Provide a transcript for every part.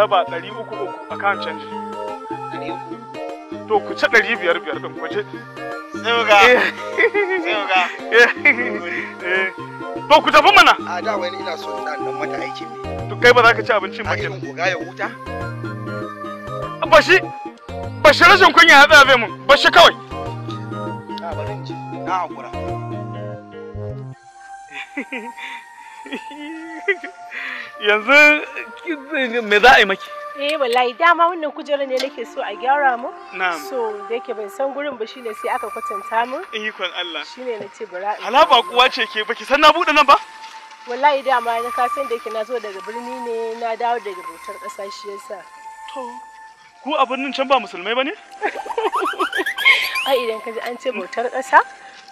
raba ɗari uku uku a kan canji. To ku ci ɗari biyar biyar ɗin ku ci. Eh. Eh. Eh. To ku tafi mana. A da wani ina so nan mata ne. To kai ba za ka ci abincin ba kenan. A irin Ba shi. Ba shi rashin kunya ya tsaye mun. Ba shi kawai. yanzu me za a yi maki eh wallahi dama wannan kujerar ne nake so a gyara mu na'am so da yake ban san gurin ba shine sai aka kwatanta mu ikon Allah shine ce bara hala ba kuwa ce ke baki san na bude nan ba wallahi dama na ka san da yake na zo daga birni ne na dawo daga bautar ƙasa shi yasa to ku a birnin can ba musulmai bane ai idan ka ji an ce bautar ƙasa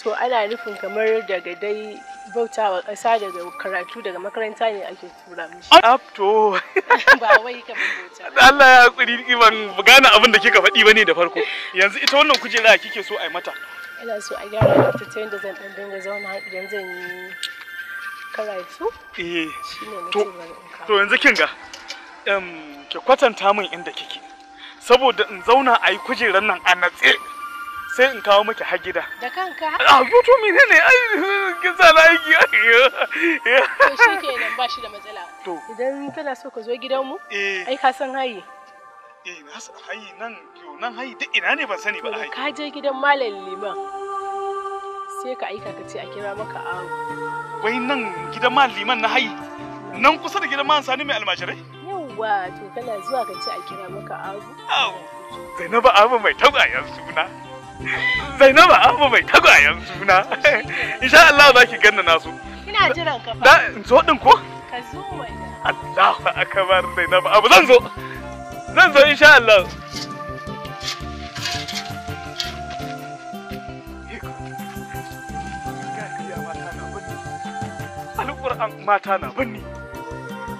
to ana nufin kamar daga dai wa ƙasa daga karatu daga makaranta ne ake tura mishi. Up Ba wai bauta. Allah ya hakuri ban gane abin da kika faɗi bane da farko. Yanzu ita wannan kujera kike so a yi mata. Ina so a gyara ta ta yadda zan ɗan dinga zauna idan zan yi karatu. Eh. To to yanzu kin ga ki kwatanta min inda kike. Saboda in zauna a yi kujerar nan a natse. sai in kawo miki har gida da kanka a to mene ne ai kin sa na aiki to shikenan ba shi da matsala to idan kana so ka zo gidanmu eh. ai ka san hayi eh na san hayi nan yo nan hayi duk ina ne ban sani ba hayi ka je gidan malam liman sai ka aika ka ce a kira maka aro wai nan gidan malam liman na hayi nan kusa da gidan malam sani mai almajirai yawwa to kana zuwa ka ce a kira maka aro Zainabu Abu mai taba yanzu na. Zainabu Abu mai yanzu suna. Insha Allah za ki ganna nasu. Ina jiran ka fa. zo din ko? Ka zo wani. Allahu akbar Zainabu Abu zan zo. Zan zo insha Allah. Al-Qur'an mata na binni.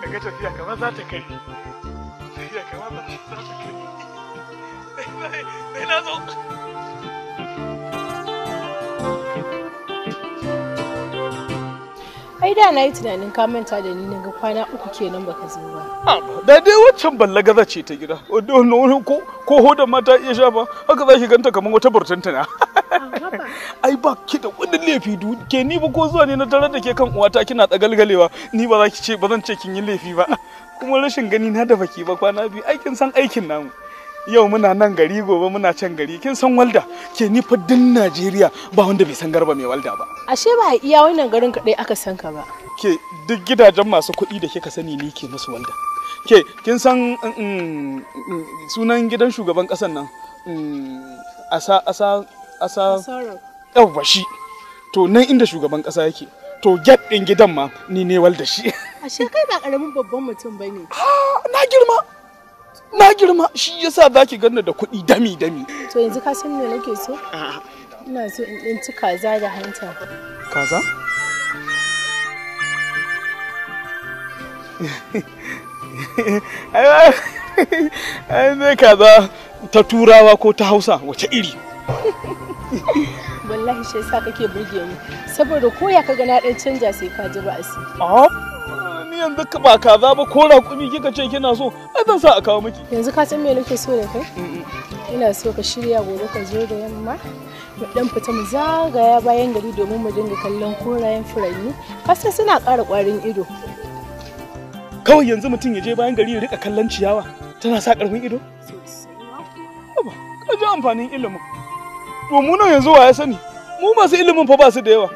Daga tafiya kamar za ta kai. Tafiya kamar za ta kai. Sai zo. ai da na yi tunanin ka manta da ni ga kwana uku kenan baka zo ba da dai waccan ballagaza ce ta gida ko ko hoda mata iya sha ba haka za ki ganta kamar wata burtanta na ai ba ki da wani laifi ke ni ba ko zuwa ne na tarar da ke kan uwata kina tsagalgalewa ni ba za ki ce ba zan ce kin yi laifi ba kuma rashin gani na da baki ba kwana biyu aikin san aikin namu yau muna nan gari gobe muna can gari kin san walda ke ni fa din Najeriya ba wanda bai san garba mai walda ba ashe ba iya wannan garin kadai aka san ka ba ke duk gidajen masu kuɗi da kika sani ni ke musu walda ke kin san mm, mm, mm, sunan gidan shugaban ƙasar nan asa asa asa yawwa shi to nan inda shugaban ƙasa yake to get ɗin gidan ma ni ne walda shi ashe kai ba ƙaramin babban mutum bane na girma na girma shi yasa za ki ganna da kuɗi dami dami to yanzu ka san me nake so ina so in ci kaza da hanta kaza ai ne kaza ta turawa ko ta hausa wace iri wallahi shi yasa kake burge ni saboda ko ya kaga na dan canja sai ka ji ba asi ah? ni yanzu ba kaza ba ko raƙumi kika ce kina so ai zan sa a kawo miki yanzu ka san me nake so da kai mm, mm, mm. ina so ka shirya gobe ka zo da yamma mu dan fita mu zagaya bayan gari domin mu dinga kallon korayen furanni kasan suna ƙara ƙwarin ido kawai yanzu mutum ya je bayan gari ya rika kallon ciyawa tana sa ƙarfin ido ka ji amfanin ilimin to mu nan yanzu wa ya sani mu masu ilimin fa ba su da yawa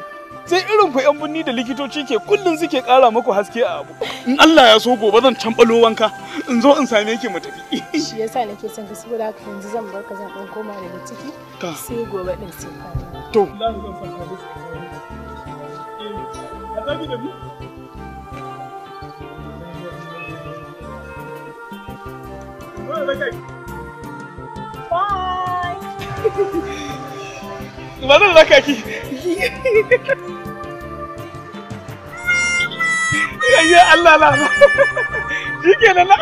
sai irin ku yan bunni da likitoci ke kullum suke kara muku haske a abu in Allah ya so gobe zan cambalo wanka in zo in same ki mu tafi shi yasa nake son ka saboda haka yanzu zan bar ka zan dan koma daga ciki sai gobe din sai to Bye. ba zan raka ki yayye Allah la ba shikenan na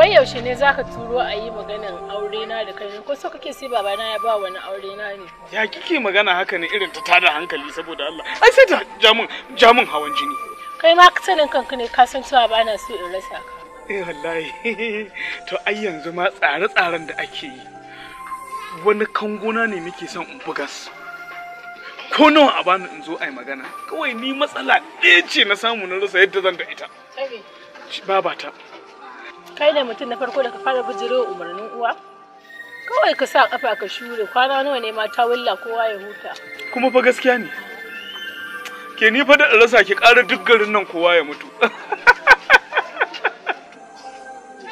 Wai yaushe ne za ka turo a yi maganin aure na da kai ko so kake sai babana ya ba wani aure na ne? Ya kike magana haka ne irin ta tada hankali saboda Allah. Ai sai ta jamun jamun hawan jini. kai ma sanin kanka ne ka san cewa ba na so in rasa ka eh wallahi to ai yanzu ma tsare-tsaren da ake yi wani kangona ne muke son in bugas ko nawa a bani in zo ai magana kawai ni matsala ɗaya ce na samu na rasa yadda zan da ita babata kai ne mutum na farko da ka fara bijirewa umarnin uwa kawai ka sa kafa ka shure kwana nawa ne ma ta kowa ya huta kuma fa gaskiya ne ke ni fa da rasa ki ƙara duk garin nan kowa ya mutu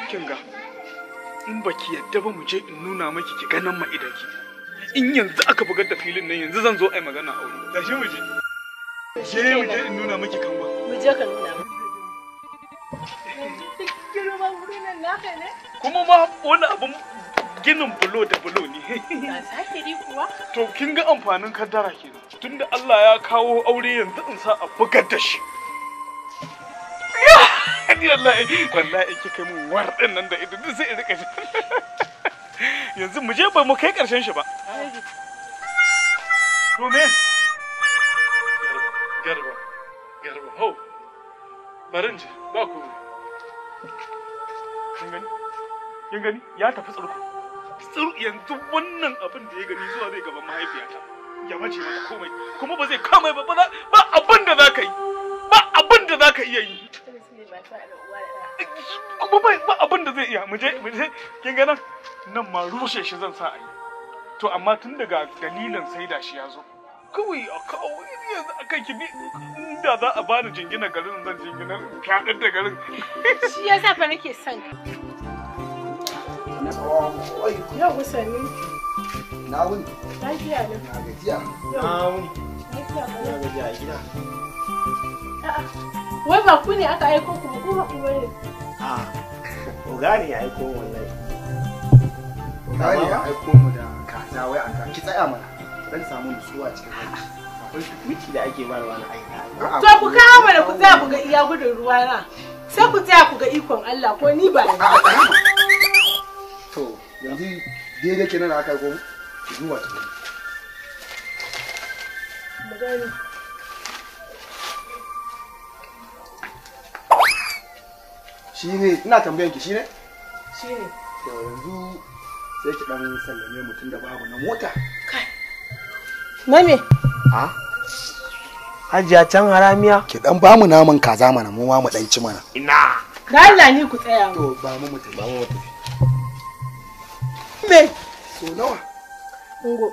kin ga in baki yadda ba mu je in nuna maki ki ganan ma idan ki in yanzu aka bugar da filin nan yanzu zan zo ai magana aure tashi mu je ke mu je in nuna maki kan ba mu je ka nuna kuma ma wani abun ginin bulo da bulo ne. To kin ga amfanin kaddara ke tunda Allah ya kawo aure yanzu in sa a bugar da shi. Ni wallahi wallahi ki kai mun war din nan da ido duk sai in rika shi. Yanzu mu je ba mu kai karshen shi ba. To me? Garba. Garba. Ho. Barin ji ba ku. Kin gani? Kin gani? Ya tafi tsurku. yanzu wannan abin da ya gani zuwa zai gaban mahaifiyata ya mace mata komai kuma ba zai kamai ba ba abin da za ka yi ba abin da za iya yi kuma ba abin da zai iya mu je mu je kin ga nan nan ma rushe shi zan sa a yi to amma tun daga dalilin sai da shi ya zo kawai a kawai yanzu a kan kibi da za a bani jingina garin zan jingina fyaɗar da garin shi yasa fa nake son ka Yau kusanni. Na wuni. Lafiya ne. Na gajiya. Na wuni. ne. Na gajiya a gida. Wai ba ku ne aka aiko ku ko ba ku bane? A. Oga ya aiko wallahi. Oga ne ya aiko mu da kaza wai aka ki tsaya mana. Dan samu nutsuwa cikin hali. Akwai tukuci da ake bayarwa na aika. To ku kawo mana ku tsaya ku ga iya gudun ruwa na. Sai ku tsaya ku ga ikon Allah ko ni ba. to yanzu daidai kenan aka ko zuwa ta magani shine ina tambayan ki shine shine to yanzu sai ki dan sallame mutum da babu na mota kai na me a ah? Hajiya can haramiya. Ki dan bamu naman kaza mana mu ma mu dan ci mana. Ina. Da Allah ni ku tsaya mu. To ba mu mutum. Ba mu mutum. me so nawa ngo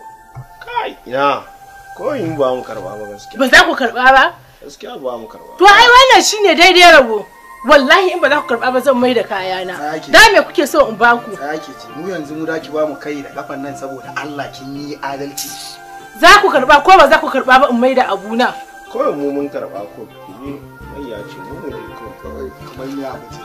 kai ina ko in ba mu karba ba gaskiya ba za ku karba ba gaskiya ba mu karba to ai wannan shine daidai rabo wallahi in ba za ku karba ba zan mai da kaya na da me kuke so in ba ku sake ce mu yanzu mu daki ba mu kai da kafan nan saboda Allah kin yi adalci za ku karba ko ba za ku karba ba in mai da abuna ko mu mun karba ko ni ya ce mu ne ko kawai kamar ya mutu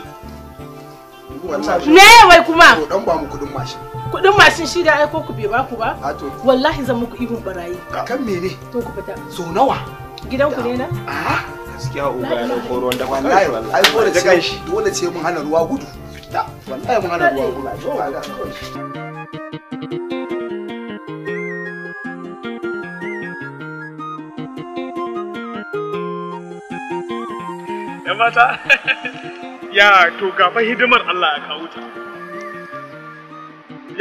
me wai kuma to dan ba mu kudin mashin Kudin mashin shi da aiko ku bai ba ku ba? Wallahi zan muku ihun barayi. kan mene? To ku fita. So nawa? Gidan ku ne na? Ah, gaskiya uba ya dauko ruwan da wallahi wallahi. Ai dole ce shi. Dole ce mun hana ruwa gudu. Fita. Wallahi mun hana ruwa gudu. Ya mata, ya to gafa hidimar Allah ya kawo ta.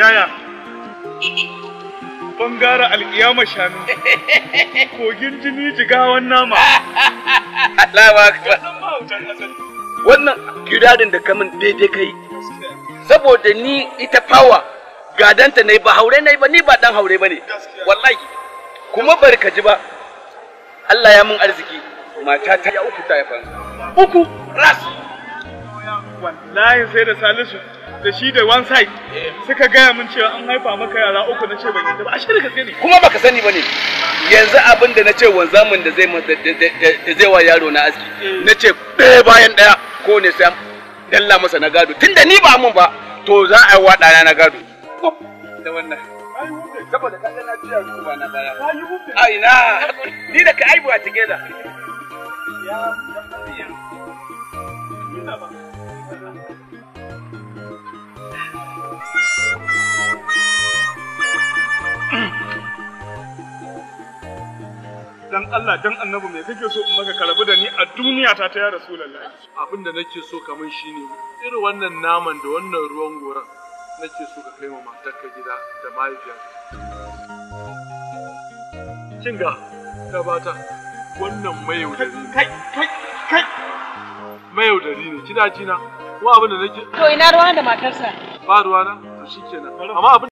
Yaya, bangara alƙiyama shanu, kogin jini jigawan nama. Alama Wannan kiradin da kamun daidai kai, saboda ni ita fawa gadanta ne ba haure ne ba ni ba dan haure ba ne, wallahi, kuma bari ka ji ba, Allah ya mun arziki, mata ta ya uku ta ya Uku, ras! Wallahi sai da salisu. da shi da one side eh. suka gaya min cewa an haifa maka yara uku na ce ban yadda ba a da gaske ne kuma baka sani bane yanzu abin da na ce wanzamin da zai da zai wa yaro na aski eh. na ce ɗaya bayan ɗaya ko ne sai dalla masa na gado tunda ni ba mun ba to za a yi wa ɗana na gado da wannan saboda ka ga na ji yaro ba na baya ai na ni da ka aibu a together dan Allah dan annabi me kake so in maka karabu da ni a duniya ta ta ya rasulullahi abin da nake so kamar shine irin wannan naman da wannan ruwan goran nake so ka kai ma matarka gida da mahaifiyarka kin ga ta bata wannan mayaudari ne kai kai kai mayaudari ne kina jina ko abin da nake to ina ruwa da matarsa ba ruwana na to shikenan amma abin